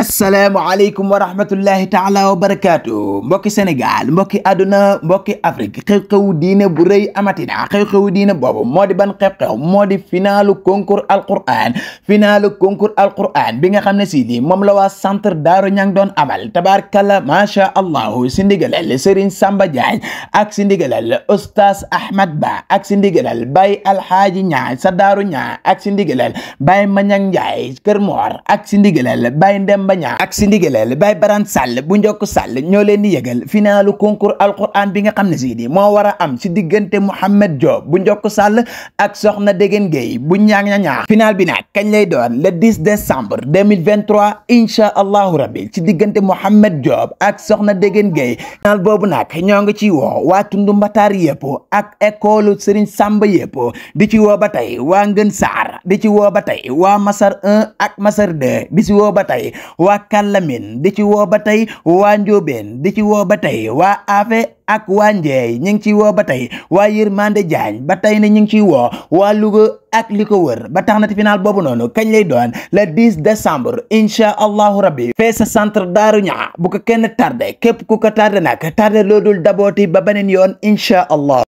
Assalamualaikum wa rahmatullahi taala wa barakaatu Senegal, sénégal mbokki àdduna mbokki afrique xew-xewu diine bu rëy amatina xew-xewu diine boobu modi ban xew-xew modi di finalu concours alquran finalu concours alquran bi nga xam ne si lii moom la waa centre daaru ñang doon amal allah si ndigalal Serigne Samba Diagne ak si Oustaz Ahmad Ba ak si ndigalal Baye Alhaaji Ñaay sa daaru Ñaay ak si ndigalal Mañang Njaay Kër ak si ndigalal Ndem Samba ak si ndigaleel Baye Barane Sall bu njokk Sall ñoo leen di yëgal finalu concours alquran bi nga xamne ne si di moo war am ci diggante Mouhamed Diop bu njokk Sall ak Soxna Degen Gueye bu ñaag ña final bi nak kañ lay doon le 10 décembre 2023 insha allah rabbi ci diggante Mouhamed Diop ak Soxna Degen Gueye final bobu nak ñoo ngi ci wo wa tundu mbatar yepp ak école Serigne Samba yepp di ci wo batay wa waa Ngën Saar di ci wo batay wa Masar 1 ak Masar 2 di ci woo ba waa Kàllamin di ci woo ba tey waa Njóobeen di ci woo ba tey waa Afe ak waa Njeey ñu ngi ciy woo ba tey waa Yërmande Jaañ ba tey ne ñu ngi ciy woo waa Louga ak li ko wër ba tax na ci final boobu noonu kañ lay doon le 10 décembre incha allahu rabbi fee sa centre daaru ñaa bu ko kenn tardé képp ku ko tardé nag tardé loodul dabooti ba beneen yoon incha allah